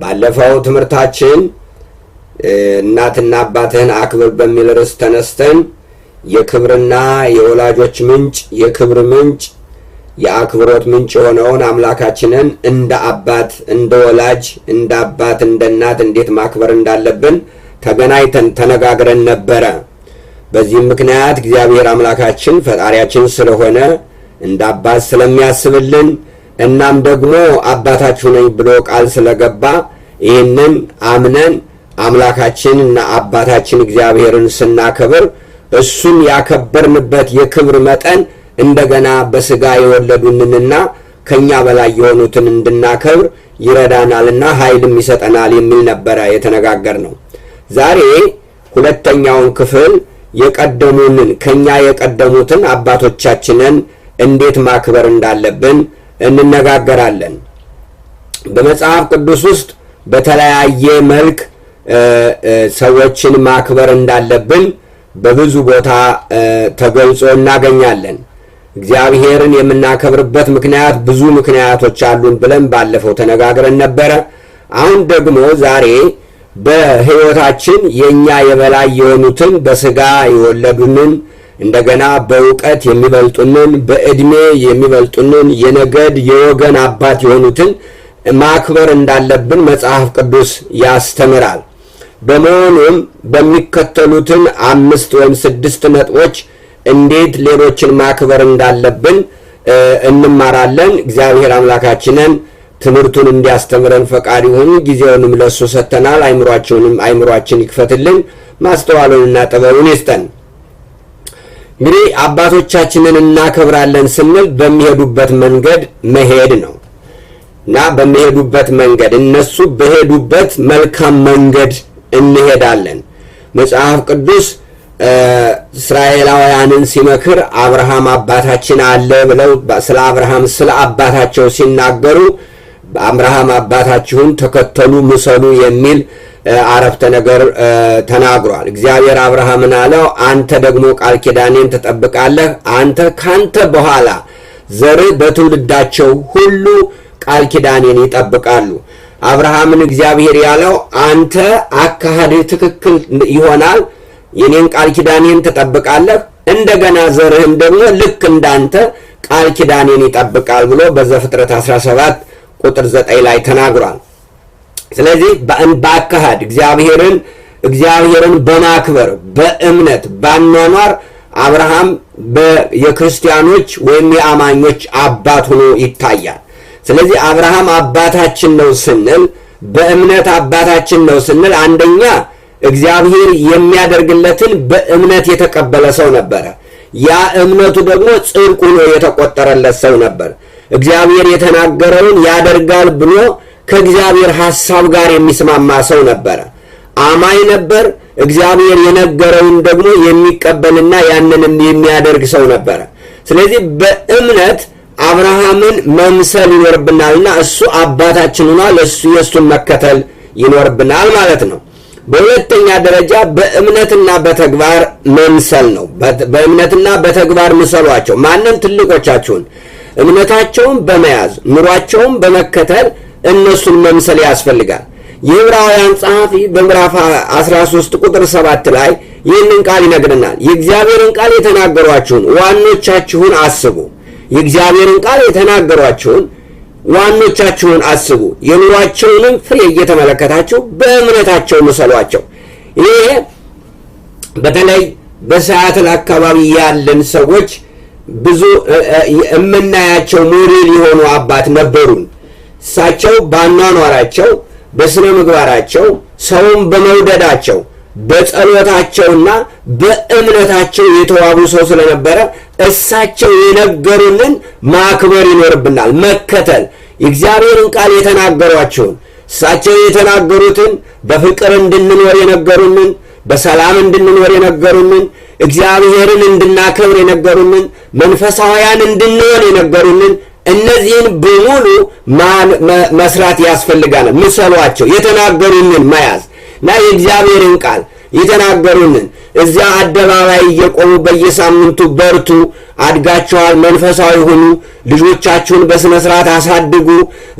ባለፈው ትምህርታችን እናትና አባትህን አክብር በሚል ርዕስ ተነስተን የክብርና የወላጆች ምንጭ የክብር ምንጭ የአክብሮት ምንጭ የሆነውን አምላካችንን እንደ አባት እንደ ወላጅ እንደ አባት እንደ እናት እንዴት ማክበር እንዳለብን ተገናኝተን ተነጋግረን ነበረ። በዚህም ምክንያት እግዚአብሔር አምላካችን ፈጣሪያችን ስለሆነ እንደ አባት ስለሚያስብልን እናም ደግሞ አባታችሁ ነኝ ብሎ ቃል ስለገባ ይህንን አምነን አምላካችን እና አባታችን እግዚአብሔርን ስናከብር እሱን ያከበርንበት የክብር መጠን እንደገና በስጋ የወለዱንንና ከእኛ በላይ የሆኑትን እንድናከብር ይረዳናልና ኃይልም ይሰጠናል የሚል ነበረ የተነጋገር ነው። ዛሬ ሁለተኛውን ክፍል የቀደሙንን ከእኛ የቀደሙትን አባቶቻችንን እንዴት ማክበር እንዳለብን እንነጋገራለን። በመጽሐፍ ቅዱስ ውስጥ በተለያየ መልክ ሰዎችን ማክበር እንዳለብን በብዙ ቦታ ተገልጾ እናገኛለን። እግዚአብሔርን የምናከብርበት ምክንያት ብዙ ምክንያቶች አሉን ብለን ባለፈው ተነጋግረን ነበረ። አሁን ደግሞ ዛሬ በሕይወታችን የእኛ የበላይ የሆኑትን በስጋ የወለዱንን እንደገና በእውቀት የሚበልጡንን በእድሜ የሚበልጡንን የነገድ የወገን አባት የሆኑትን ማክበር እንዳለብን መጽሐፍ ቅዱስ ያስተምራል። በመሆኑም በሚከተሉትን አምስት ወይም ስድስት ነጥቦች እንዴት ሌሎችን ማክበር እንዳለብን እንማራለን። እግዚአብሔር አምላካችንን ትምህርቱን እንዲያስተምረን ፈቃድ ይሁን። ጊዜውንም ለእሱ ሰጥተናል። አይምሯቸውንም አይምሯችን ይክፈትልን፣ ማስተዋሉንና ጥበቡን ይስጠን። እንግዲህ አባቶቻችንን እናከብራለን ስንል በሚሄዱበት መንገድ መሄድ ነው እና በሚሄዱበት መንገድ እነሱ በሄዱበት መልካም መንገድ እንሄዳለን። መጽሐፍ ቅዱስ እስራኤላውያንን ሲመክር አብርሃም አባታችን አለ ብለው ስለ አብርሃም ስለ አባታቸው ሲናገሩ አብርሃም አባታችሁን ተከተሉ ምሰሉ የሚል አረፍተ ነገር ተናግሯል። እግዚአብሔር አብርሃምን አለው አንተ ደግሞ ቃል ኪዳኔን ትጠብቃለህ፣ አንተ ካንተ በኋላ ዘርህ በትውልዳቸው ሁሉ ቃል ኪዳኔን ይጠብቃሉ። አብርሃምን እግዚአብሔር ያለው አንተ አካሄድህ ትክክል ይሆናል፣ የኔን ቃል ኪዳኔን ትጠብቃለህ፣ እንደገና ዘርህን ደግሞ ልክ እንዳንተ ቃል ኪዳኔን ይጠብቃል ብሎ በዘፍጥረት 17 ቁጥር 9 ላይ ተናግሯል። ስለዚህ በአካሃድ እግዚአብሔርን እግዚአብሔርን በማክበር በእምነት ባኗኗር አብርሃም የክርስቲያኖች ወይም የአማኞች አባት ሆኖ ይታያል። ስለዚህ አብርሃም አባታችን ነው ስንል በእምነት አባታችን ነው ስንል አንደኛ እግዚአብሔር የሚያደርግለትን በእምነት የተቀበለ ሰው ነበረ። ያ እምነቱ ደግሞ ጽድቅ ሆኖ የተቆጠረለት ሰው ነበር። እግዚአብሔር የተናገረውን ያደርጋል ብሎ ከእግዚአብሔር ሐሳብ ጋር የሚስማማ ሰው ነበረ። አማኝ ነበር። እግዚአብሔር የነገረውን ደግሞ የሚቀበልና ያንንም የሚያደርግ ሰው ነበረ። ስለዚህ በእምነት አብርሃምን መምሰል ይኖርብናልና እሱ አባታችን ሆኗል። እሱ የእሱን መከተል ይኖርብናል ማለት ነው። በሁለተኛ ደረጃ በእምነትና በተግባር መምሰል ነው። በእምነትና በተግባር ምሰሏቸው። ማንም ትልቆቻችሁን እምነታቸውን በመያዝ ኑሯቸውን በመከተል እነሱን መምሰል ያስፈልጋል። የዕብራውያን ጸሐፊ በምዕራፍ 13 ቁጥር 7 ላይ ይህንን ቃል ይነግረናል። የእግዚአብሔርን ቃል የተናገሯችሁን ዋኖቻችሁን አስቡ። የእግዚአብሔርን ቃል የተናገሯችሁን ዋኖቻችሁን አስቡ፣ የኑሯቸውንም ፍሬ እየተመለከታችሁ በእምነታቸው ምሰሏቸው። ይሄ በተለይ በሲያትል አካባቢ ያለን ሰዎች ብዙ የምናያቸው ሞዴል የሆኑ አባት ነበሩን። እሳቸው ባኗኗራቸው፣ በስነ ምግባራቸው፣ ሰውን በመውደዳቸው፣ በጸሎታቸውና በእምነታቸው የተዋቡ ሰው ስለነበረ እሳቸው የነገሩንን ማክበር ይኖርብናል። መከተል የእግዚአብሔርን ቃል የተናገሯቸውን እሳቸው የተናገሩትን በፍቅር እንድንኖር የነገሩንን በሰላም እንድንኖር የነገሩንን እግዚአብሔርን እንድናከብር የነገሩንን መንፈሳውያን እንድንሆን የነገሩንን እነዚህን በሙሉ መስራት ያስፈልጋል። ምሰሏቸው፣ የተናገሩንን መያዝ እና የእግዚአብሔርን ቃል የተናገሩንን እዚያ አደባባይ እየቆሙ በየሳምንቱ በርቱ፣ አድጋቸዋል መንፈሳዊ ሁኑ፣ ልጆቻችሁን በሥነ ሥርዓት አሳድጉ፣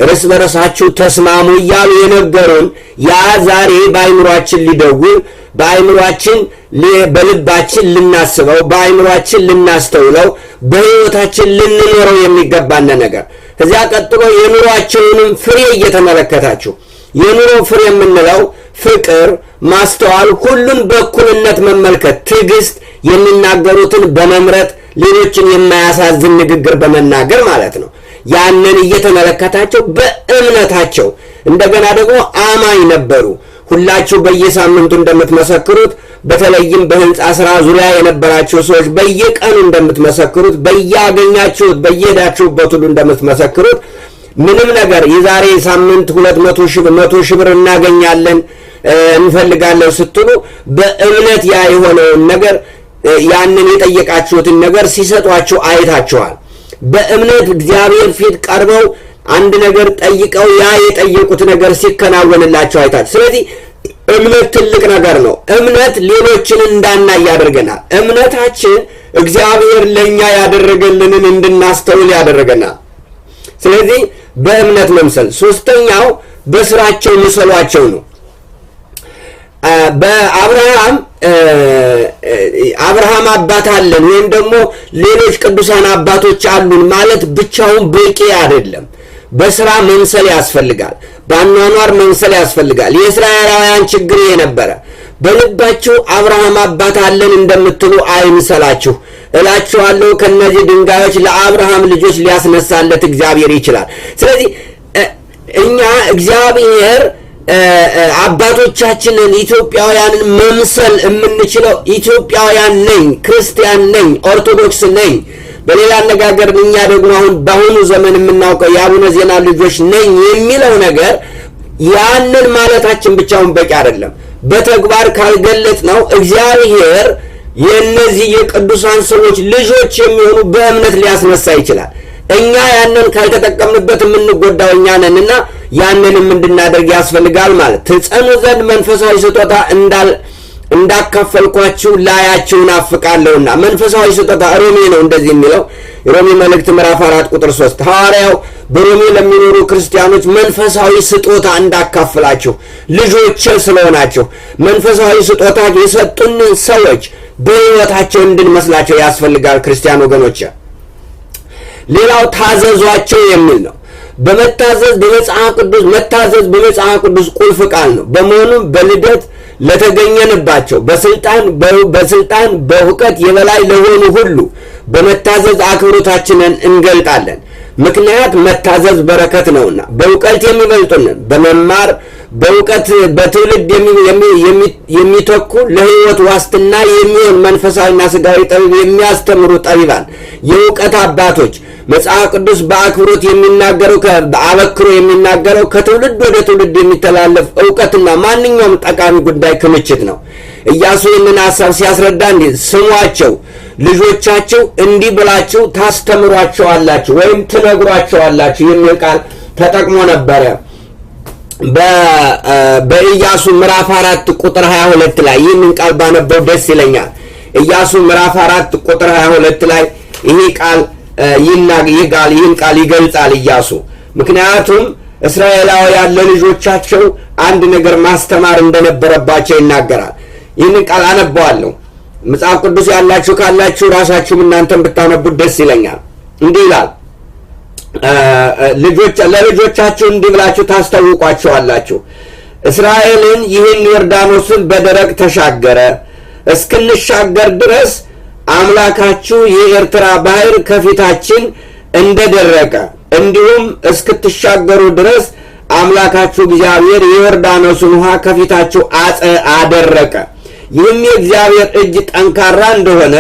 እርስ በርሳችሁ ተስማሙ እያሉ የነገሩን ያ ዛሬ በአይምሯችን ሊደውል በአይምሯችን በልባችን ልናስበው በአይምሯችን ልናስተውለው በህይወታችን ልንኖረው የሚገባን ነገር። ከዚያ ቀጥሎ የኑሯችንንም ፍሬ እየተመለከታችሁ የኑሮ ፍሬ የምንለው ፍቅር፣ ማስተዋል፣ ሁሉን በእኩልነት መመልከት፣ ትዕግስት፣ የሚናገሩትን በመምረጥ ሌሎችን የማያሳዝን ንግግር በመናገር ማለት ነው። ያንን እየተመለከታቸው በእምነታቸው እንደገና ደግሞ አማኝ ነበሩ። ሁላችሁ በየሳምንቱ እንደምትመሰክሩት በተለይም በህንፃ ስራ ዙሪያ የነበራችሁ ሰዎች በየቀኑ እንደምትመሰክሩት በያገኛችሁት በየሄዳችሁበት ሁሉ እንደምትመሰክሩት ምንም ነገር የዛሬ ሳምንት ሁለት መቶ መቶ ሺህ ብር እናገኛለን እንፈልጋለን ስትሉ በእምነት ያ የሆነውን ነገር ያንን የጠየቃችሁትን ነገር ሲሰጧችሁ አይታችኋል። በእምነት እግዚአብሔር ፊት ቀርበው አንድ ነገር ጠይቀው ያ የጠየቁት ነገር ሲከናወንላቸው አይታችሁ። ስለዚህ እምነት ትልቅ ነገር ነው። እምነት ሌሎችን እንዳናይ ያደርገናል። እምነታችን እግዚአብሔር ለእኛ ያደረገልንን እንድናስተውል ያደረገናል። ስለዚህ በእምነት መምሰል። ሶስተኛው በስራቸው ምሰሏቸው ነው። በአብርሃም አብርሃም አባት አለን ወይም ደግሞ ሌሎች ቅዱሳን አባቶች አሉን ማለት ብቻውን በቂ አይደለም። በስራ መምሰል ያስፈልጋል። በአኗኗር መምሰል ያስፈልጋል። የእስራኤላውያን ችግር ይሄ ነበረ። በልባችሁ አብርሃም አባት አለን እንደምትሉ አይምሰላችሁ። እላችኋለሁ ከእነዚህ ድንጋዮች ለአብርሃም ልጆች ሊያስነሳለት እግዚአብሔር ይችላል። ስለዚህ እኛ እግዚአብሔር አባቶቻችንን ኢትዮጵያውያንን መምሰል የምንችለው ኢትዮጵያውያን ነኝ፣ ክርስቲያን ነኝ፣ ኦርቶዶክስ ነኝ በሌላ አነጋገር እኛ ደግሞ አሁን በአሁኑ ዘመን የምናውቀው የአቡነ ዜና ልጆች ነኝ የሚለው ነገር ያንን ማለታችን ብቻውን በቂ አይደለም። በተግባር ካልገለጥ ነው እግዚአብሔር የእነዚህ የቅዱሳን ሰዎች ልጆች የሚሆኑ በእምነት ሊያስነሳ ይችላል። እኛ ያንን ካልተጠቀምንበት የምንጎዳው እኛ ነንና ያንንም እንድናደርግ ያስፈልጋል። ማለት ትጸኑ ዘንድ መንፈሳዊ ስጦታ እንዳል እንዳካፈልኳችሁ ላያችሁ ናፍቃለሁና። መንፈሳዊ ስጦታ ሮሜ ነው እንደዚህ የሚለው የሮሜ መልእክት ምዕራፍ አራት ቁጥር ሶስት ሐዋርያው በሮሜ ለሚኖሩ ክርስቲያኖች መንፈሳዊ ስጦታ እንዳካፍላችሁ ልጆች ስለሆናችሁ መንፈሳዊ ስጦታ የሰጡንን ሰዎች በሕይወታቸው እንድንመስላቸው ያስፈልጋል። ክርስቲያን ወገኖች፣ ሌላው ታዘዟቸው የሚል ነው። በመታዘዝ በመጽሐፍ ቅዱስ መታዘዝ በመጽሐፍ ቅዱስ ቁልፍ ቃል ነው። በመሆኑም በልደት ለተገኘንባቸው በስልጣን በስልጣን በእውቀት የበላይ ለሆኑ ሁሉ በመታዘዝ አክብሮታችንን እንገልጣለን። ምክንያት መታዘዝ በረከት ነውና፣ በእውቀት የሚበልጡንን በመማር በእውቀት በትውልድ የሚተኩ ለህይወት ዋስትና የሚሆን መንፈሳዊና ስጋዊ ጥበብ የሚያስተምሩ ጠቢባን፣ የእውቀት አባቶች መጽሐፍ ቅዱስ በአክብሮት የሚናገረው በአበክሮ የሚናገረው ከትውልድ ወደ ትውልድ የሚተላለፍ እውቀትና ማንኛውም ጠቃሚ ጉዳይ ክምችት ነው። እያሱ ይህንን ሀሳብ ሲያስረዳ እንዲህ ስሟቸው ልጆቻቸው እንዲህ ብላችሁ ታስተምሯቸዋላችሁ ወይም ትነግሯቸዋላችሁ የሚል ቃል ተጠቅሞ ነበረ። በኢያሱ ምዕራፍ አራት ቁጥር 22 ላይ ይህንን ቃል ባነበው ደስ ይለኛል። ኢያሱ ምዕራፍ አራት ቁጥር 22 ላይ ይህ ቃል ይህን ቃል ይገልጻል ኢያሱ ምክንያቱም እስራኤላውያን ለልጆቻቸው አንድ ነገር ማስተማር እንደነበረባቸው ይናገራል። ይህንን ቃል አነበዋለሁ። መጽሐፍ ቅዱስ ያላችሁ ካላችሁ ራሳችሁም እናንተም ብታነቡት ደስ ይለኛል። እንዲህ ይላል ለልጆቻችሁ እንዲህ ብላችሁ ታስታውቋቸዋላችሁ። እስራኤልን ይህን ዮርዳኖስን በደረቅ ተሻገረ፣ እስክንሻገር ድረስ አምላካችሁ የኤርትራ ባህር ከፊታችን እንደደረቀ እንዲሁም እስክትሻገሩ ድረስ አምላካችሁ እግዚአብሔር የዮርዳኖስን ውሃ ከፊታችሁ አደረቀ። ይህም የእግዚአብሔር እጅ ጠንካራ እንደሆነ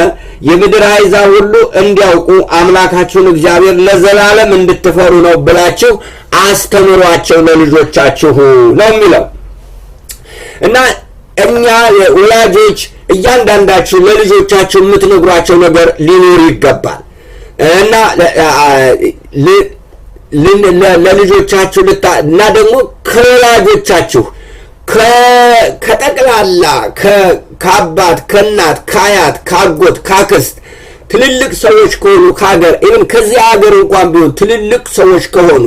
የምድር አይዛ ሁሉ እንዲያውቁ አምላካችሁን እግዚአብሔር ለዘላለም እንድትፈሩ ነው ብላችሁ አስተምሯቸው ለልጆቻችሁ ነው የሚለው እና እኛ ወላጆች እያንዳንዳችሁ ለልጆቻችሁ የምትነግሯቸው ነገር ሊኖር ይገባል እና ለልጆቻችሁ እና ደግሞ ከወላጆቻችሁ ከጠቅላላ ከአባት ከእናት ከአያት ካጎት ከአክስት ትልልቅ ሰዎች ከሆኑ ከሀገር ኢቨን ከዚያ ሀገር እንኳን ቢሆን ትልልቅ ሰዎች ከሆኑ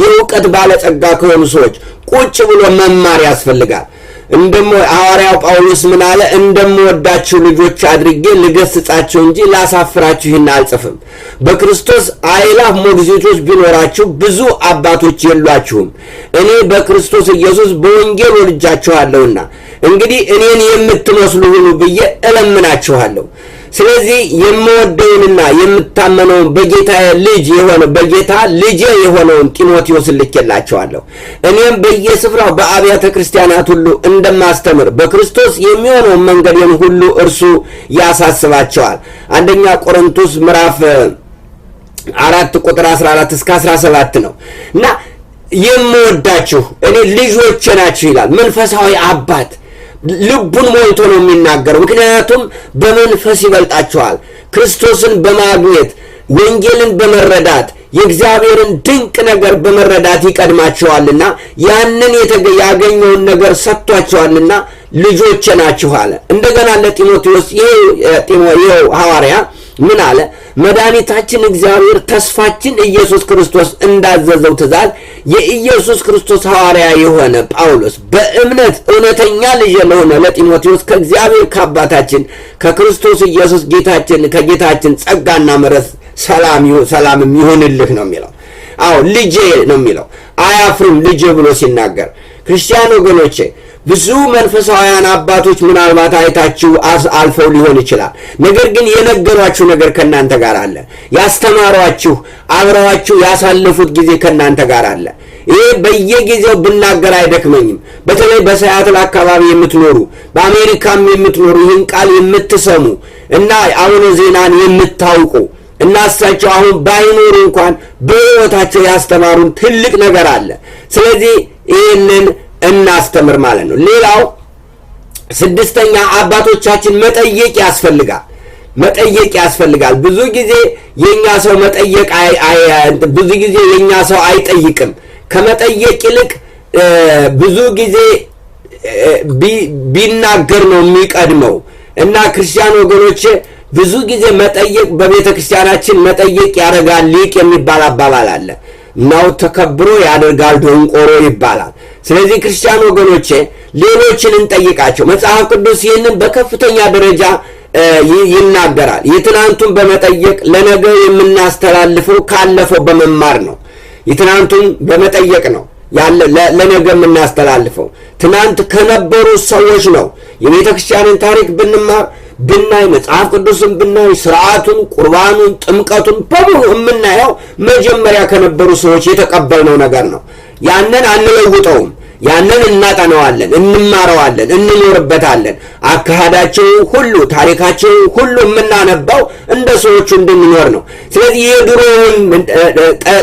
የእውቀት ባለጸጋ ከሆኑ ሰዎች ቁጭ ብሎ መማር ያስፈልጋል። እንደሞ ሐዋርያው ጳውሎስ ምን አለ? እንደምወዳችሁ ልጆች አድርጌ ልገስጻችሁ እንጂ ላሳፍራችሁ ይህን አልጽፍም። በክርስቶስ አእላፍ ሞግዚቶች ቢኖራችሁ ብዙ አባቶች የሏችሁም፣ እኔ በክርስቶስ ኢየሱስ በወንጌል ወልጃችኋለሁና። እንግዲህ እኔን የምትመስሉ ሁሉ ብዬ እለምናችኋለሁ። ስለዚህ የምወደውንና የምታመነውን በጌታ ልጅ የሆነ በጌታ ልጅ የሆነውን ጢሞቴዎስን ልኬላቸዋለሁ። እኔም በየስፍራው በአብያተ ክርስቲያናት ሁሉ እንደማስተምር በክርስቶስ የሚሆነውን መንገዴን ሁሉ እርሱ ያሳስባቸዋል። አንደኛ ቆሮንቶስ ምዕራፍ አራት ቁጥር 14 እስከ 17 ነው እና የምወዳችሁ እኔ ልጆቼ ናችሁ ይላል መንፈሳዊ አባት ልቡን ሞልቶ ነው የሚናገረው። ምክንያቱም በመንፈስ ይበልጣቸዋል ክርስቶስን በማግኘት ወንጌልን በመረዳት የእግዚአብሔርን ድንቅ ነገር በመረዳት ይቀድማቸዋልና ያንን ያገኘውን ነገር ሰጥቷቸዋልና ልጆቼ ናችሁ አለ። እንደገና ለጢሞቴዎስ ይኸው ሐዋርያ ምን አለ? መድኃኒታችን እግዚአብሔር ተስፋችን ኢየሱስ ክርስቶስ እንዳዘዘው ትእዛዝ የኢየሱስ ክርስቶስ ሐዋርያ የሆነ ጳውሎስ በእምነት እውነተኛ ልጅ ለሆነ ለጢሞቴዎስ ከእግዚአብሔር ከአባታችን ከክርስቶስ ኢየሱስ ጌታችን ከጌታችን ጸጋና ምሕረት ሰላም ይሁንልህ ነው የሚለው። አዎ ልጄ ነው የሚለው አያፍርም ልጄ ብሎ ሲናገር ክርስቲያን ወገኖቼ ብዙ መንፈሳውያን አባቶች ምናልባት አይታችሁ አልፈው ሊሆን ይችላል። ነገር ግን የነገሯችሁ ነገር ከእናንተ ጋር አለ። ያስተማሯችሁ፣ አብረዋችሁ ያሳለፉት ጊዜ ከእናንተ ጋር አለ። ይህ በየጊዜው ብናገር አይደክመኝም። በተለይ በሰያትል አካባቢ የምትኖሩ በአሜሪካም የምትኖሩ ይህን ቃል የምትሰሙ እና አቡነ ዜናን የምታውቁ እና እሳቸው አሁን ባይኖሩ እንኳን በሕይወታቸው ያስተማሩን ትልቅ ነገር አለ። ስለዚህ ይህንን እናስተምር ማለት ነው። ሌላው ስድስተኛ አባቶቻችን መጠየቅ ያስፈልጋል። መጠየቅ ያስፈልጋል። ብዙ ጊዜ የኛ ሰው መጠየቅ ብዙ ጊዜ የኛ ሰው አይጠይቅም። ከመጠየቅ ይልቅ ብዙ ጊዜ ቢናገር ነው የሚቀድመው እና ክርስቲያን ወገኖች ብዙ ጊዜ መጠየቅ በቤተ ክርስቲያናችን መጠየቅ ያደርጋል ሊቅ የሚባል አባባል አለ። ነው ተከብሮ ያደርጋል ደንቆሮ ይባላል። ስለዚህ ክርስቲያን ወገኖቼ ሌሎችን እንጠይቃቸው። መጽሐፍ ቅዱስ ይህንን በከፍተኛ ደረጃ ይናገራል። የትናንቱን በመጠየቅ ለነገ የምናስተላልፈው ካለፈው በመማር ነው። የትናንቱን በመጠየቅ ነው ለነገ የምናስተላልፈው። ትናንት ከነበሩ ሰዎች ነው የቤተ ክርስቲያንን ታሪክ ብንማር ብናይ መጽሐፍ ቅዱስን ብናይ ስርዓቱን፣ ቁርባኑን፣ ጥምቀቱን በሙሉ የምናየው መጀመሪያ ከነበሩ ሰዎች የተቀበልነው ነገር ነው። ያንን አንለውጠውም። ያንን እናጠነዋለን፣ እንማረዋለን፣ እንኖርበታለን። አካሄዳቸው ሁሉ ታሪካቸው ሁሉ የምናነባው እንደ ሰዎቹ እንድንኖር ነው። ስለዚህ የድሮውን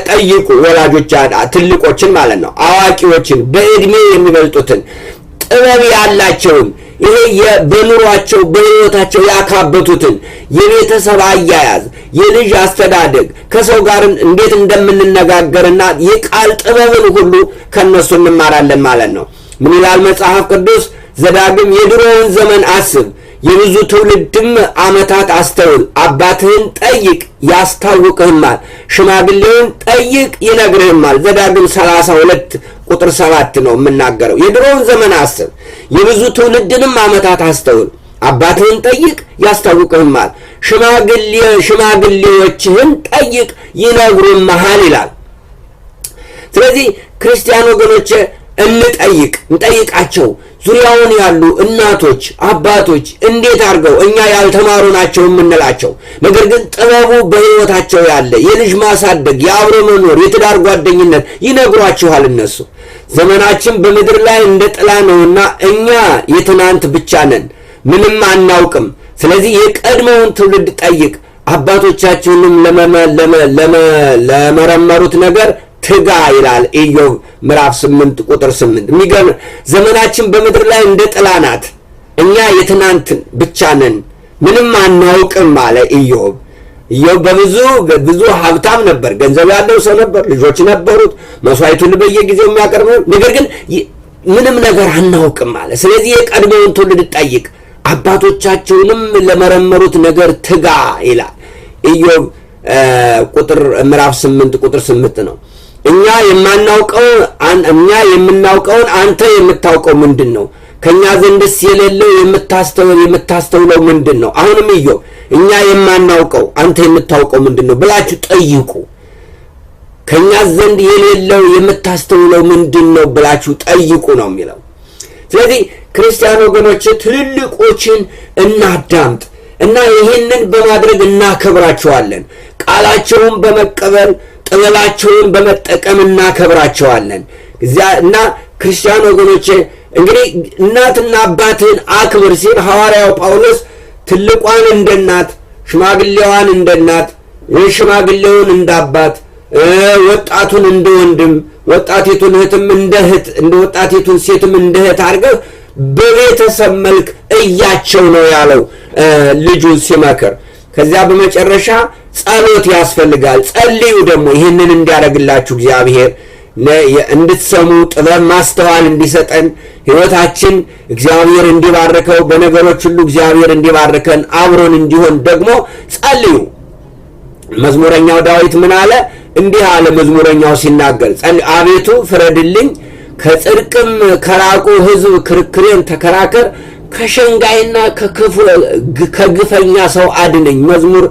ጠይቁ ወላጆች፣ ትልቆችን ማለት ነው፣ አዋቂዎችን፣ በእድሜ የሚበልጡትን ጥበብ ያላቸውን ይሄ በኑሯቸው በህይወታቸው ያካበቱትን የቤተሰብ አያያዝ፣ የልጅ አስተዳደግ፣ ከሰው ጋር እንዴት እንደምንነጋገርና የቃል ጥበብን ሁሉ ከእነሱ እንማራለን ማለት ነው። ምን ይላል መጽሐፍ ቅዱስ? ዘዳግም የድሮውን ዘመን አስብ የብዙ ትውልድም ዓመታት አስተውል። አባትህን ጠይቅ ያስታውቅህማል፣ ሽማግሌውን ጠይቅ ይነግርህማል። ዘዳግም 32 ቁጥር 7 ነው የምናገረው። የድሮውን ዘመን አስብ፣ የብዙ ትውልድንም ዓመታት አስተውል። አባትህን ጠይቅ ያስታውቅህማል፣ ሽማግሌዎችህን ጠይቅ ይነግሩምሃል ይላል። ስለዚህ ክርስቲያን ወገኖች እንጠይቅ እንጠይቃቸው ዙሪያውን ያሉ እናቶች፣ አባቶች እንዴት አድርገው እኛ ያልተማሩ ናቸው የምንላቸው፣ ነገር ግን ጥበቡ በህይወታቸው ያለ የልጅ ማሳደግ፣ የአብሮ መኖር፣ የትዳር ጓደኝነት ይነግሯችኋል። እነሱ ዘመናችን በምድር ላይ እንደ ጥላ ነውና እኛ የትናንት ብቻ ነን፣ ምንም አናውቅም። ስለዚህ የቀድሞውን ትውልድ ጠይቅ። አባቶቻችንም ለመረመሩት ነገር ትጋ ይላል ኢዮብ ምዕራፍ 8 ቁጥር 8። የሚገርም ዘመናችን በምድር ላይ እንደ ጥላ ናት። እኛ የትናንትን ብቻ ነን፣ ምንም አናውቅም አለ ኢዮብ። ኢዮብ በብዙ ብዙ ሀብታም ነበር፣ ገንዘብ ያለው ሰው ነበር፣ ልጆች ነበሩት፣ መስዋዕቱን በየጊዜው የሚያቀርብ ነገር ግን ምንም ነገር አናውቅም አለ። ስለዚህ የቀድሞውን ትውልድ ጠይቅ፣ አባቶቻቸውንም ለመረመሩት ነገር ትጋ ይላል ኢዮብ ቁጥር ምዕራፍ 8 ቁጥር 8 ነው። እኛ የማናውቀው እኛ የምናውቀውን አንተ የምታውቀው ምንድን ነው? ከእኛ ዘንድስ የሌለው የምታስተውል የምታስተውለው ምንድን ነው? አሁንም እዮብ እኛ የማናውቀው አንተ የምታውቀው ምንድን ነው ብላችሁ ጠይቁ። ከእኛ ዘንድ የሌለው የምታስተውለው ምንድን ነው ብላችሁ ጠይቁ ነው የሚለው። ስለዚህ ክርስቲያን ወገኖች ትልልቆችን እናዳምጥ እና ይህንን በማድረግ እናከብራቸዋለን ቃላቸውን በመቀበል ጥበባቸውን በመጠቀም እናከብራቸዋለን እና ክርስቲያን ወገኖች እንግዲህ እናትና አባትን አክብር ሲል ሐዋርያው ጳውሎስ ትልቋን እንደ እናት፣ ሽማግሌዋን እንደ እናት፣ ሽማግሌውን እንደ አባት፣ ወጣቱን እንደ ወንድም፣ ወጣቲቱን እህትም እንደ እህት፣ እንደ ወጣቲቱን ሴትም እንደ እህት አድርገህ በቤተሰብ መልክ እያቸው ነው ያለው ልጁን ሲመክር። ከዚያ በመጨረሻ ጸሎት ያስፈልጋል። ጸልዩ ደግሞ ይህንን እንዲያደርግላችሁ እግዚአብሔር እንድትሰሙ ጥበብ ማስተዋል እንዲሰጠን ሕይወታችን እግዚአብሔር እንዲባርከው በነገሮች ሁሉ እግዚአብሔር እንዲባርከን አብሮን እንዲሆን ደግሞ ጸልዩ። መዝሙረኛው ዳዊት ምን አለ? እንዲህ አለ መዝሙረኛው ሲናገር፣ አቤቱ ፍረድልኝ፣ ከጽድቅም ከራቁ ሕዝብ ክርክሬን ተከራከር ከሸንጋይና ከግፈኛ ሰው አድነኝ። መዝሙር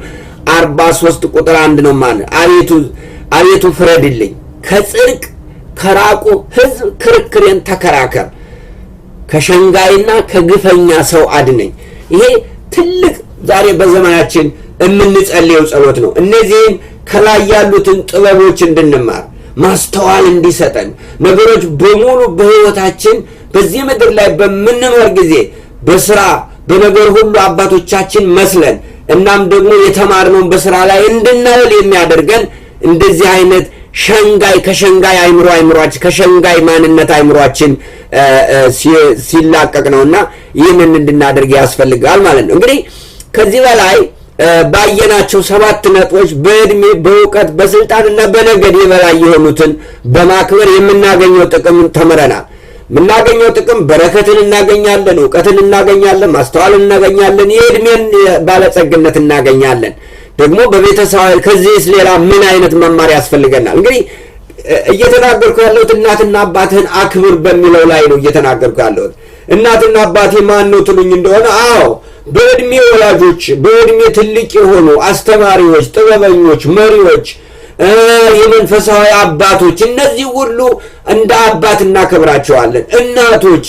43 ቁጥር 1 ነው ማለት አቤቱ አቤቱ ፍረድልኝ፣ ከጽድቅ ከራቁ ሕዝብ ክርክሬን ተከራከር፣ ከሸንጋይና ከግፈኛ ሰው አድነኝ። ይሄ ትልቅ ዛሬ በዘመናችን የምንጸልየው ጸሎት ነው። እነዚህን ከላይ ያሉትን ጥበቦች እንድንማር ማስተዋል እንዲሰጠን ነገሮች በሙሉ በሕይወታችን በዚህ ምድር ላይ በምንኖር ጊዜ በስራ በነገር ሁሉ አባቶቻችን መስለን እናም ደግሞ የተማርነውን በስራ ላይ እንድናውል የሚያደርገን እንደዚህ አይነት ሸንጋይ ከሸንጋይ አይምሮ አይምሯችን ከሸንጋይ ማንነት አይምሯችን ሲላቀቅ ነውና ይህንን እንድናደርግ ያስፈልጋል ማለት ነው። እንግዲህ ከዚህ በላይ ባየናቸው ሰባት ነጥቦች በእድሜ በእውቀት በስልጣንና በነገድ የበላይ የሆኑትን በማክበር የምናገኘው ጥቅም ተምረናል። የምናገኘው ጥቅም በረከትን እናገኛለን፣ እውቀትን እናገኛለን፣ ማስተዋልን እናገኛለን፣ የእድሜን ባለጸግነት እናገኛለን። ደግሞ በቤተሰብ ከዚህስ ሌላ ምን አይነት መማር ያስፈልገናል? እንግዲህ እየተናገርኩ ያለሁት እናትና አባትህን አክብር በሚለው ላይ ነው እየተናገርኩ ያለሁት። እናትና አባቴ ማን ነው ትሉኝ እንደሆነ አዎ በእድሜ ወላጆች፣ በእድሜ ትልቅ የሆኑ አስተማሪዎች፣ ጥበበኞች፣ መሪዎች የመንፈሳዊ አባቶች እነዚህ ሁሉ እንደ አባት እናከብራቸዋለን። እናቶች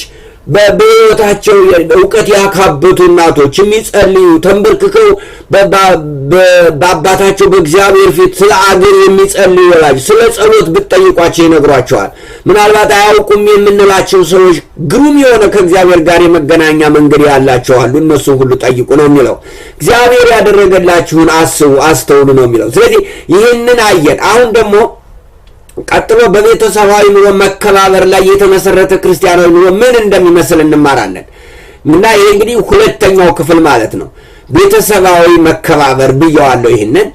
በሕይወታቸው እውቀት ያካበቱ እናቶች የሚጸልዩ ተንበርክከው በአባታቸው በእግዚአብሔር ፊት ስለ አገር የሚጸልዩ ወላጅ ስለ ጸሎት ብትጠይቋቸው ይነግሯቸዋል። ምናልባት አያውቁም የምንላቸው ሰዎች ግሩም የሆነ ከእግዚአብሔር ጋር የመገናኛ መንገድ ያላቸው አሉ። እነሱ ሁሉ ጠይቁ ነው የሚለው። እግዚአብሔር ያደረገላችሁን አስቡ፣ አስተውሉ ነው የሚለው። ስለዚህ ይህንን አየን። አሁን ደግሞ ቀጥሎ በቤተሰባዊ ኑሮ መከባበር ላይ የተመሰረተ ክርስቲያናዊ ኑሮ ምን እንደሚመስል እንማራለን እና ይሄ እንግዲህ ሁለተኛው ክፍል ማለት ነው። ቤተሰባዊ መከባበር ብየዋለሁ። ይህንን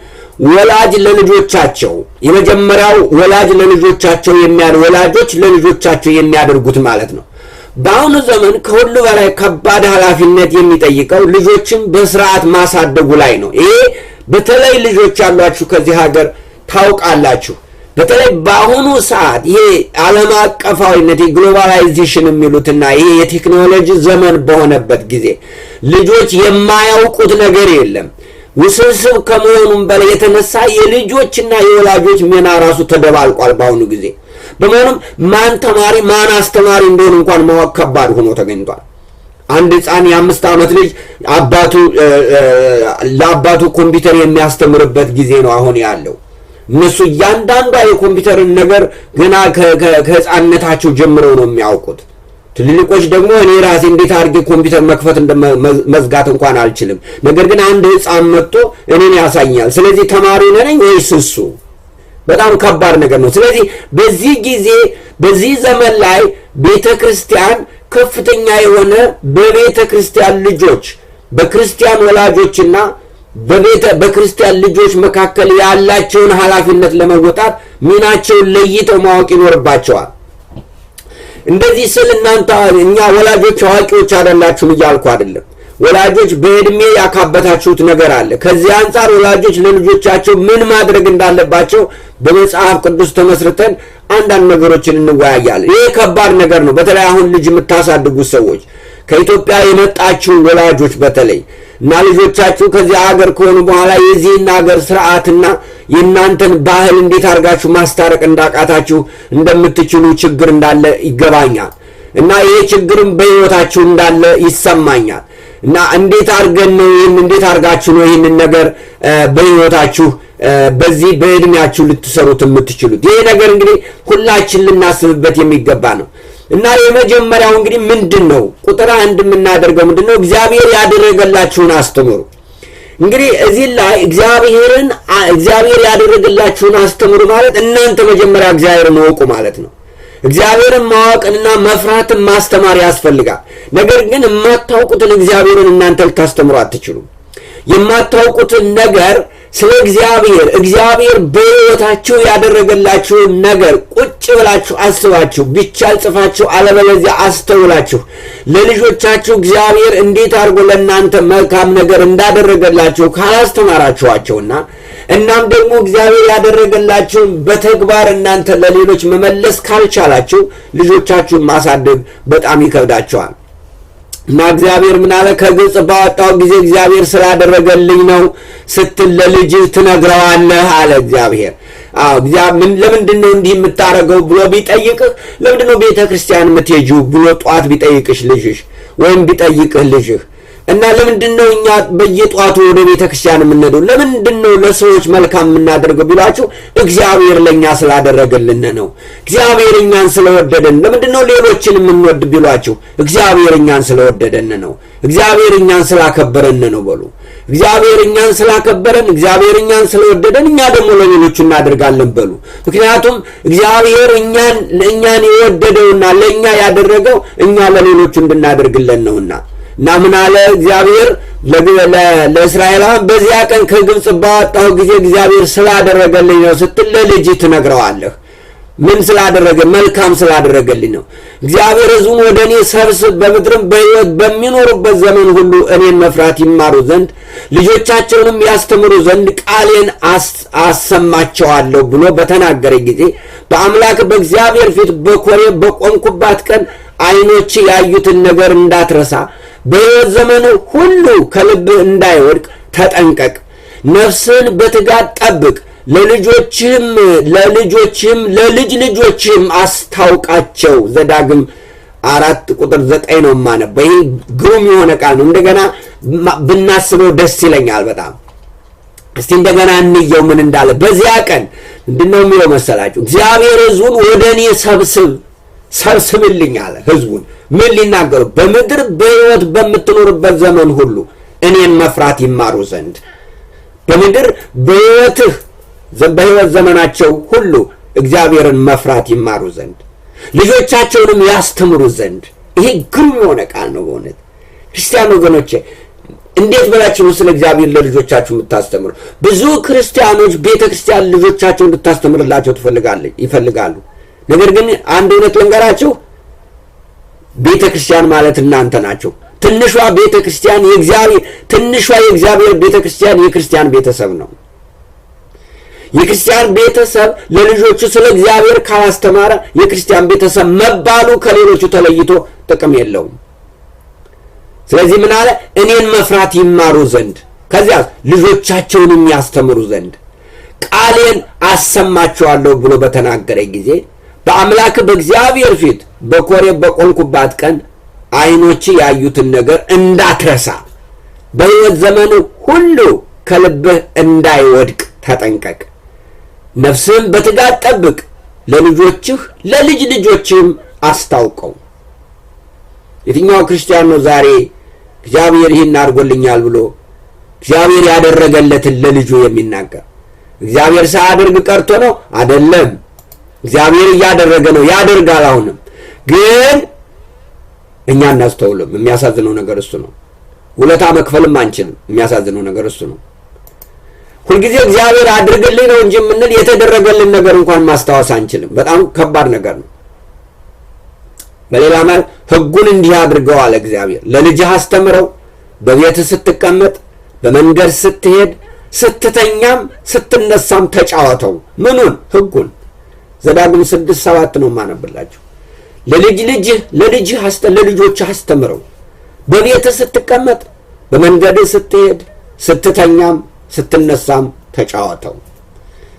ወላጅ ለልጆቻቸው የመጀመሪያው ወላጅ ለልጆቻቸው ወላጆች ለልጆቻቸው የሚያደርጉት ማለት ነው። በአሁኑ ዘመን ከሁሉ በላይ ከባድ ኃላፊነት የሚጠይቀው ልጆችን በስርዓት ማሳደጉ ላይ ነው። ይሄ በተለይ ልጆች ያሏችሁ ከዚህ ሀገር ታውቃላችሁ። በተለይ በአሁኑ ሰዓት ይሄ ዓለም አቀፋዊነት ግሎባላይዜሽን የሚሉትና ይሄ የቴክኖሎጂ ዘመን በሆነበት ጊዜ ልጆች የማያውቁት ነገር የለም። ውስብስብ ከመሆኑም በላይ የተነሳ የልጆችና የወላጆች ሚና ራሱ ተደባልቋል በአሁኑ ጊዜ። በመሆኑም ማን ተማሪ ማን አስተማሪ እንደሆነ እንኳን ማወቅ ከባድ ሆኖ ተገኝቷል። አንድ ህፃን የአምስት ዓመት ልጅ አባቱ ለአባቱ ኮምፒውተር የሚያስተምርበት ጊዜ ነው አሁን ያለው። እነሱ እያንዳንዷ የኮምፒውተርን ነገር ገና ከህፃነታቸው ጀምረው ነው የሚያውቁት። ትልልቆች ደግሞ እኔ ራሴ እንዴት አድርጌ ኮምፒውተር መክፈት መዝጋት እንኳን አልችልም፣ ነገር ግን አንድ ህፃን መጥቶ እኔን ያሳኛል። ስለዚህ ተማሪ ነኝ ወይስ እሱ? በጣም ከባድ ነገር ነው። ስለዚህ በዚህ ጊዜ በዚህ ዘመን ላይ ቤተ ክርስቲያን ከፍተኛ የሆነ በቤተ ክርስቲያን ልጆች በክርስቲያን ወላጆችና በቤተ በክርስቲያን ልጆች መካከል ያላቸውን ኃላፊነት ለመወጣት ሚናቸውን ለይተው ማወቅ ይኖርባቸዋል። እንደዚህ ስል እናንተ እኛ ወላጆች አዋቂዎች አይደላችሁም እያልኩ አይደለም። ወላጆች በዕድሜ ያካበታችሁት ነገር አለ። ከዚህ አንጻር ወላጆች ለልጆቻቸው ምን ማድረግ እንዳለባቸው በመጽሐፍ ቅዱስ ተመስርተን አንዳንድ ነገሮችን እንወያያለን። ይህ ከባድ ነገር ነው። በተለይ አሁን ልጅ የምታሳድጉት ሰዎች ከኢትዮጵያ የመጣችሁ ወላጆች በተለይ እና ልጆቻችሁ ከዚህ አገር ከሆኑ በኋላ የዚህን አገር ስርዓትና የእናንተን ባህል እንዴት አድርጋችሁ ማስታረቅ እንዳቃታችሁ እንደምትችሉ ችግር እንዳለ ይገባኛል። እና ይሄ ችግርም በሕይወታችሁ እንዳለ ይሰማኛል። እና እንዴት አድርገን ነው ይህን እንዴት አድርጋችሁ ነው ይህንን ነገር በሕይወታችሁ በዚህ በዕድሜያችሁ ልትሰሩት የምትችሉት? ይሄ ነገር እንግዲህ ሁላችን ልናስብበት የሚገባ ነው። እና የመጀመሪያው እንግዲህ ምንድን ነው ቁጥር አንድ የምናደርገው ምንድን ነው? እግዚአብሔር ያደረገላችሁን አስተምሩ። እንግዲህ እዚህ ላይ እግዚአብሔርን እግዚአብሔር ያደረገላችሁን አስተምሩ ማለት እናንተ መጀመሪያ እግዚአብሔርን እወቁ ማለት ነው። እግዚአብሔርን ማወቅንና መፍራትን ማስተማር ያስፈልጋል። ነገር ግን የማታውቁትን እግዚአብሔርን እናንተ ልታስተምሩ አትችሉም። የማታውቁትን ነገር ስለ እግዚአብሔር እግዚአብሔር በሕይወታችሁ ያደረገላችሁን ነገር ቁጭ ብላችሁ አስባችሁ ብቻ ጽፋችሁ፣ አለበለዚያ አስተውላችሁ ለልጆቻችሁ እግዚአብሔር እንዴት አድርጎ ለእናንተ መልካም ነገር እንዳደረገላችሁ ካላስተማራችኋቸውና እናም ደግሞ እግዚአብሔር ያደረገላችሁን በተግባር እናንተ ለሌሎች መመለስ ካልቻላችሁ ልጆቻችሁን ማሳደግ በጣም ይከብዳቸዋል። እና እግዚአብሔር አለ? ከግብፅ ባወጣው ጊዜ እግዚአብሔር ስላደረገልኝ ነው ስትል ለልጅ ትነግረዋለህ አለ እግዚአብሔር። ለምንድን ነው እንዲህ የምታደርገው ብሎ ቢጠይቅህ፣ ለምንድን ነው ቤተ ክርስቲያን የምትሄጂው ብሎ ጠዋት ቢጠይቅሽ ልጅሽ ወይም ቢጠይቅህ ልጅህ እና ለምንድን ነው እኛ በየጧቱ ወደ ቤተ ክርስቲያን የምንሄደው? ለምንድን ነው ለሰዎች መልካም የምናደርገው ቢሏችሁ እግዚአብሔር ለእኛ ስላደረገልን ነው። እግዚአብሔር እኛን ስለወደደን። ለምንድን ነው ሌሎችን የምንወድ ቢሏችሁ እግዚአብሔር እኛን ስለወደደን ነው። እግዚአብሔር እኛን ስላከበረን ነው በሉ። እግዚአብሔር እኛን ስላከበረን፣ እግዚአብሔር እኛን ስለወደደን እኛ ደግሞ ለሌሎቹ እናደርጋለን በሉ። ምክንያቱም እግዚአብሔር እኛን ለእኛን የወደደውና ለእኛ ያደረገው እኛ ለሌሎቹ እንድናደርግለን ነውና እና ምን አለ እግዚአብሔር ለእስራኤላውያን በዚያ ቀን ከግብፅ ባወጣሁ ጊዜ እግዚአብሔር ስላደረገልኝ ነው ስትል ለልጅ ትነግረዋለህ። ምን ስላደረገ? መልካም ስላደረገልኝ ነው። እግዚአብሔር ሕዝቡን ወደ እኔ ሰብስብ፣ በምድርም በሕይወት በሚኖሩበት ዘመን ሁሉ እኔን መፍራት ይማሩ ዘንድ ልጆቻቸውንም ያስተምሩ ዘንድ ቃሌን አሰማቸዋለሁ ብሎ በተናገረ ጊዜ በአምላክ በእግዚአብሔር ፊት በኮሬ በቆምኩባት ቀን ዓይኖች ያዩትን ነገር እንዳትረሳ በሕይወት ሁሉ ከልብህ እንዳይወድቅ ተጠንቀቅ። ነፍስን በትጋት ጠብቅ፣ ለልጆችህም ለልጆችህም ለልጅ ልጆችህም አስታውቃቸው። ዘዳግም አራት ቁጥር ዘጠኝ ነው የማነበው። ይህ ግሩም የሆነ ቃል ነው። እንደገና ብናስበው ደስ ይለኛል በጣም። እስቲ እንደገና እንየው ምን እንዳለ። በዚያ ቀን ምንድነው የሚለው መሰላችሁ? እግዚአብሔር ሕዝቡን ወደ እኔ ሰብስብ ሰብስብልኝ አለ ህዝቡን። ምን ሊናገሩ? በምድር በሕይወት በምትኖርበት ዘመን ሁሉ እኔን መፍራት ይማሩ ዘንድ በምድር በሕይወትህ በሕይወት ዘመናቸው ሁሉ እግዚአብሔርን መፍራት ይማሩ ዘንድ ልጆቻቸውንም ያስተምሩ ዘንድ። ይሄ ግሩም የሆነ ቃል ነው በእውነት ክርስቲያን ወገኖቼ። እንዴት ብላችሁ ስለ እግዚአብሔር ለልጆቻችሁ የምታስተምሩ? ብዙ ክርስቲያኖች ቤተ ክርስቲያን ልጆቻቸው እንድታስተምርላቸው ትፈልጋለች ይፈልጋሉ። ነገር ግን አንድ እውነት ልንገራችሁ፣ ቤተ ክርስቲያን ማለት እናንተ ናችሁ። ትንሿ ቤተ ክርስቲያን የእግዚአብሔር ትንሿ የእግዚአብሔር ቤተ ክርስቲያን የክርስቲያን ቤተሰብ ነው። የክርስቲያን ቤተሰብ ለልጆቹ ስለ እግዚአብሔር ካላስተማረ የክርስቲያን ቤተሰብ መባሉ ከሌሎቹ ተለይቶ ጥቅም የለውም። ስለዚህ ምን አለ? እኔን መፍራት ይማሩ ዘንድ ከዚያ ልጆቻቸውን የሚያስተምሩ ዘንድ ቃሌን አሰማቸዋለሁ ብሎ በተናገረ ጊዜ በአምላክ በእግዚአብሔር ፊት በኮሬ በቆምኩባት ቀን አይኖች ያዩትን ነገር እንዳትረሳ በሕይወት ዘመኑ ሁሉ ከልብህ እንዳይወድቅ ተጠንቀቅ። ነፍስህም በትጋት ጠብቅ፣ ለልጆችህ ለልጅ ልጆችህም አስታውቀው። የትኛው ክርስቲያን ነው ዛሬ እግዚአብሔር ይህን አድርጎልኛል ብሎ እግዚአብሔር ያደረገለትን ለልጁ የሚናገር? እግዚአብሔር ሳያደርግ ቀርቶ ነው? አይደለም። እግዚአብሔር እያደረገ ነው፣ ያደርጋል። አሁንም ግን እኛ እናስተውልም። የሚያሳዝነው ነገር እሱ ነው። ውለታ መክፈልም አንችልም። የሚያሳዝነው ነገር እሱ ነው። ሁልጊዜ እግዚአብሔር አድርግልኝ ነው እንጂ የምንል የተደረገልን ነገር እንኳን ማስታወስ አንችልም። በጣም ከባድ ነገር ነው። በሌላ መልክ ህጉን እንዲህ አድርገው አለ እግዚአብሔር፣ ለልጅህ አስተምረው፣ በቤት ስትቀመጥ፣ በመንገድ ስትሄድ፣ ስትተኛም ስትነሳም ተጫወተው። ምኑን? ህጉን ዘዳግም ስድስት ሰባት ነው የማነብላችሁ። ለልጅ ልጅህ ለልጅህ ለልጆችህ አስተምረው በቤትህ ስትቀመጥ በመንገድህ ስትሄድ ስትተኛም ስትነሳም ተጫወተው።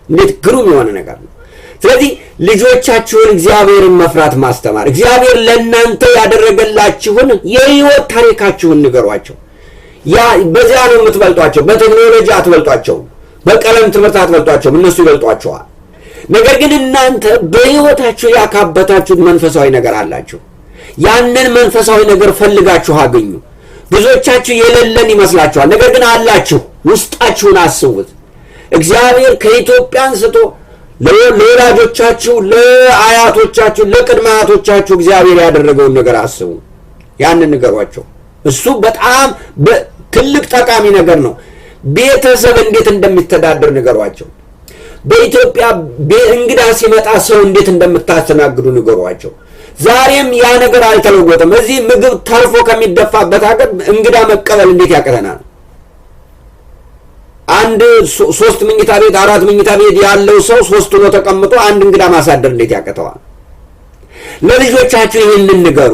እንዴት ግሩም የሆነ ነገር ነው! ስለዚህ ልጆቻችሁን እግዚአብሔርን መፍራት ማስተማር፣ እግዚአብሔር ለእናንተ ያደረገላችሁን የህይወት ታሪካችሁን ንገሯቸው። ያ በዚያ ነው የምትበልጧቸው። በቴክኖሎጂ አትበልጧቸው በቀለም ትምህርት አትበልጧቸውም። እነሱ ይበልጧቸዋል። ነገር ግን እናንተ በሕይወታችሁ ያካበታችሁት መንፈሳዊ ነገር አላችሁ። ያንን መንፈሳዊ ነገር ፈልጋችሁ አገኙ። ብዙዎቻችሁ የሌለን ይመስላችኋል፣ ነገር ግን አላችሁ። ውስጣችሁን አስቡት። እግዚአብሔር ከኢትዮጵያ አንስቶ ለወላጆቻችሁ፣ ለአያቶቻችሁ፣ ለቅድመ አያቶቻችሁ እግዚአብሔር ያደረገውን ነገር አስቡ። ያንን ንገሯቸው። እሱ በጣም ትልቅ ጠቃሚ ነገር ነው። ቤተሰብ እንዴት እንደሚተዳደር ንገሯቸው። በኢትዮጵያ እንግዳ ሲመጣ ሰው እንዴት እንደምታስተናግዱ ንገሯቸው። ዛሬም ያ ነገር አልተለወጠም። እዚህ ምግብ ተርፎ ከሚደፋበት ሀገር እንግዳ መቀበል እንዴት ያቀተናል? አንድ ሶስት ምኝታ ቤት አራት ምኝታ ቤት ያለው ሰው ሶስት ሆኖ ተቀምጦ አንድ እንግዳ ማሳደር እንዴት ያቀተዋል? ለልጆቻችሁ ይህንን ንገሩ።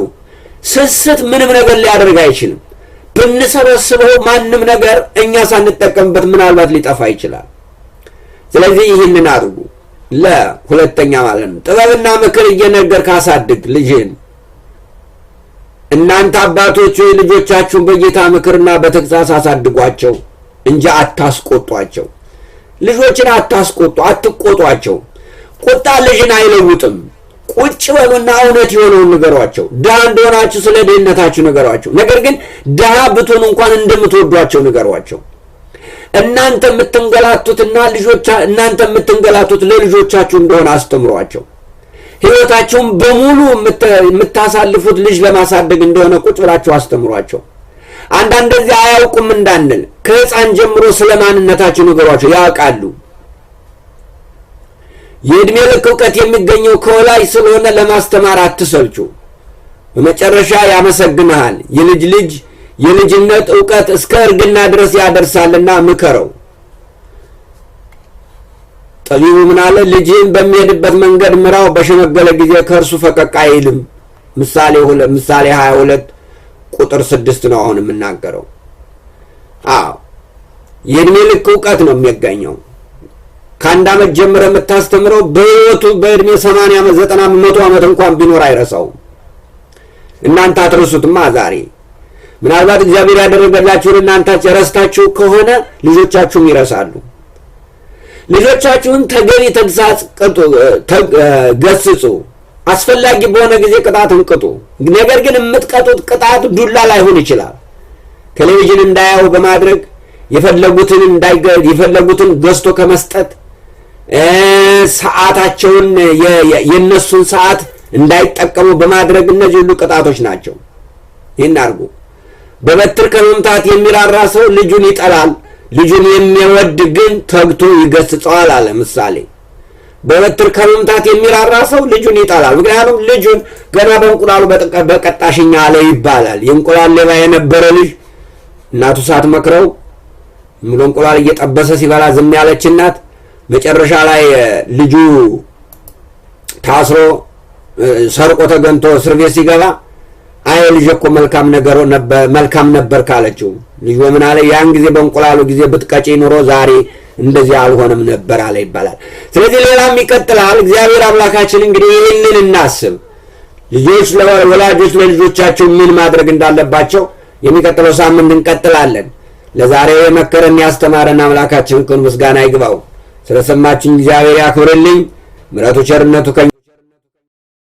ስስት ምንም ነገር ሊያደርግ አይችልም። ብንሰበስበው ማንም ነገር እኛ ሳንጠቀምበት ምናልባት ሊጠፋ ይችላል። ስለዚህ ይህንን አድርጉ። ለሁለተኛ ማለት ነው ጥበብና ምክር እየነገር ካሳድግ ልጅህን። እናንተ አባቶች ልጆቻችሁን በጌታ ምክርና በተግሣጽ አሳድጓቸው እንጂ አታስቆጧቸው። ልጆችን አታስቆጡ፣ አትቆጧቸው። ቁጣ ልጅን አይለውጥም። ቁጭ በሉና እውነት የሆነውን ንገሯቸው። ድሃ እንደሆናችሁ ስለ ድህነታችሁ ንገሯቸው። ነገር ግን ድሃ ብትሆኑ እንኳን እንደምትወዷቸው ንገሯቸው። እናንተ የምትንገላቱትና ልጆቻ እናንተ የምትንገላቱት ለልጆቻችሁ እንደሆነ አስተምሯቸው። ህይወታቸውን በሙሉ የምታሳልፉት ልጅ ለማሳደግ እንደሆነ ቁጭ ብላችሁ አስተምሯቸው። አንዳንድ ጊዜ አያውቁም እንዳንል ከህፃን ጀምሮ ስለ ማንነታቸው ንገሯቸው፣ ያውቃሉ። የዕድሜ ልክ እውቀት የሚገኘው ከወላጅ ስለሆነ ለማስተማር አትሰልቹ። በመጨረሻ ያመሰግንሃል የልጅ ልጅ የልጅነት እውቀት እስከ እርግና ድረስ ያደርሳልና ምከረው። ጠቢቡ ምን አለ? ልጅህን በሚሄድበት መንገድ ምራው፣ በሸመገለ ጊዜ ከእርሱ ፈቀቅ አይልም። ምሳሌ ምሳሌ 22 ቁጥር 6 ነው አሁን የምናገረው። አዎ የእድሜ ልክ እውቀት ነው የሚገኘው። ከአንድ ዓመት ጀምረ የምታስተምረው በህይወቱ በእድሜ 80 ዓመት 90 መቶ ዓመት እንኳን ቢኖር አይረሳውም። እናንተ አትረሱትማ ዛሬ ምናልባት እግዚአብሔር ያደረገላችሁን እናንተ ረስታችሁ ከሆነ ልጆቻችሁም ይረሳሉ። ልጆቻችሁን ተገቢ ተግሳጽ ገስጹ። አስፈላጊ በሆነ ጊዜ ቅጣትን ቅጡ። ነገር ግን የምትቀጡት ቅጣት ዱላ ላይሆን ይችላል። ቴሌቪዥን እንዳያው በማድረግ የፈለጉትን የፈለጉትን ገዝቶ ከመስጠት ሰዓታቸውን የእነሱን ሰዓት እንዳይጠቀሙ በማድረግ እነዚህ ሁሉ ቅጣቶች ናቸው። ይህን አድርጉ። በበትር ከመምታት የሚራራ ሰው ልጁን ይጠላል፣ ልጁን የሚወድ ግን ተግቶ ይገስጸዋል አለ ምሳሌ። በበትር ከመምታት የሚራራ ሰው ልጁን ይጠላል። ምክንያቱም ልጁን ገና በእንቁላሉ በቀጣሽኛ አለ ይባላል። የእንቁላል ሌባ የነበረ ልጅ እናቱ መክረው ሙሉ እንቁላል እየጠበሰ ሲበላ ዝም ያለች እናት መጨረሻ ላይ ልጁ ታስሮ ሰርቆ ተገንቶ እስር ቤት ሲገባ አይ ልጄ እኮ መልካም ነገር መልካም ነበር ካለችው ልጅ ምን አለ? ያን ጊዜ በእንቁላሉ ጊዜ ብትቀጪ ኑሮ ዛሬ እንደዚህ አልሆነም ነበር አለ ይባላል። ስለዚህ ሌላም ይቀጥላል። እግዚአብሔር አምላካችን እንግዲህ ይህንን እናስብ። ልጆች ወላጆች ለልጆቻቸው ምን ማድረግ እንዳለባቸው የሚቀጥለው ሳምንት እንቀጥላለን። ለዛሬ የመከረን ያስተማረን አምላካችን ቅን ምስጋና ይግባው። ስለሰማችን እግዚአብሔር ያክብርልኝ። ምሕረቱ ቸርነቱ